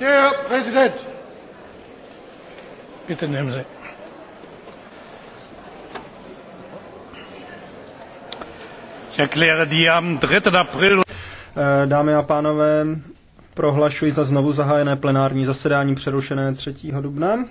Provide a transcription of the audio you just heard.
Herr Präsident! Bitte nehmen Sie. Ich erkläre die am 3. April. Eh, dámy a pánové, prohlašuji za znovu zahájené plenární zasedání přerušené 3. dubna.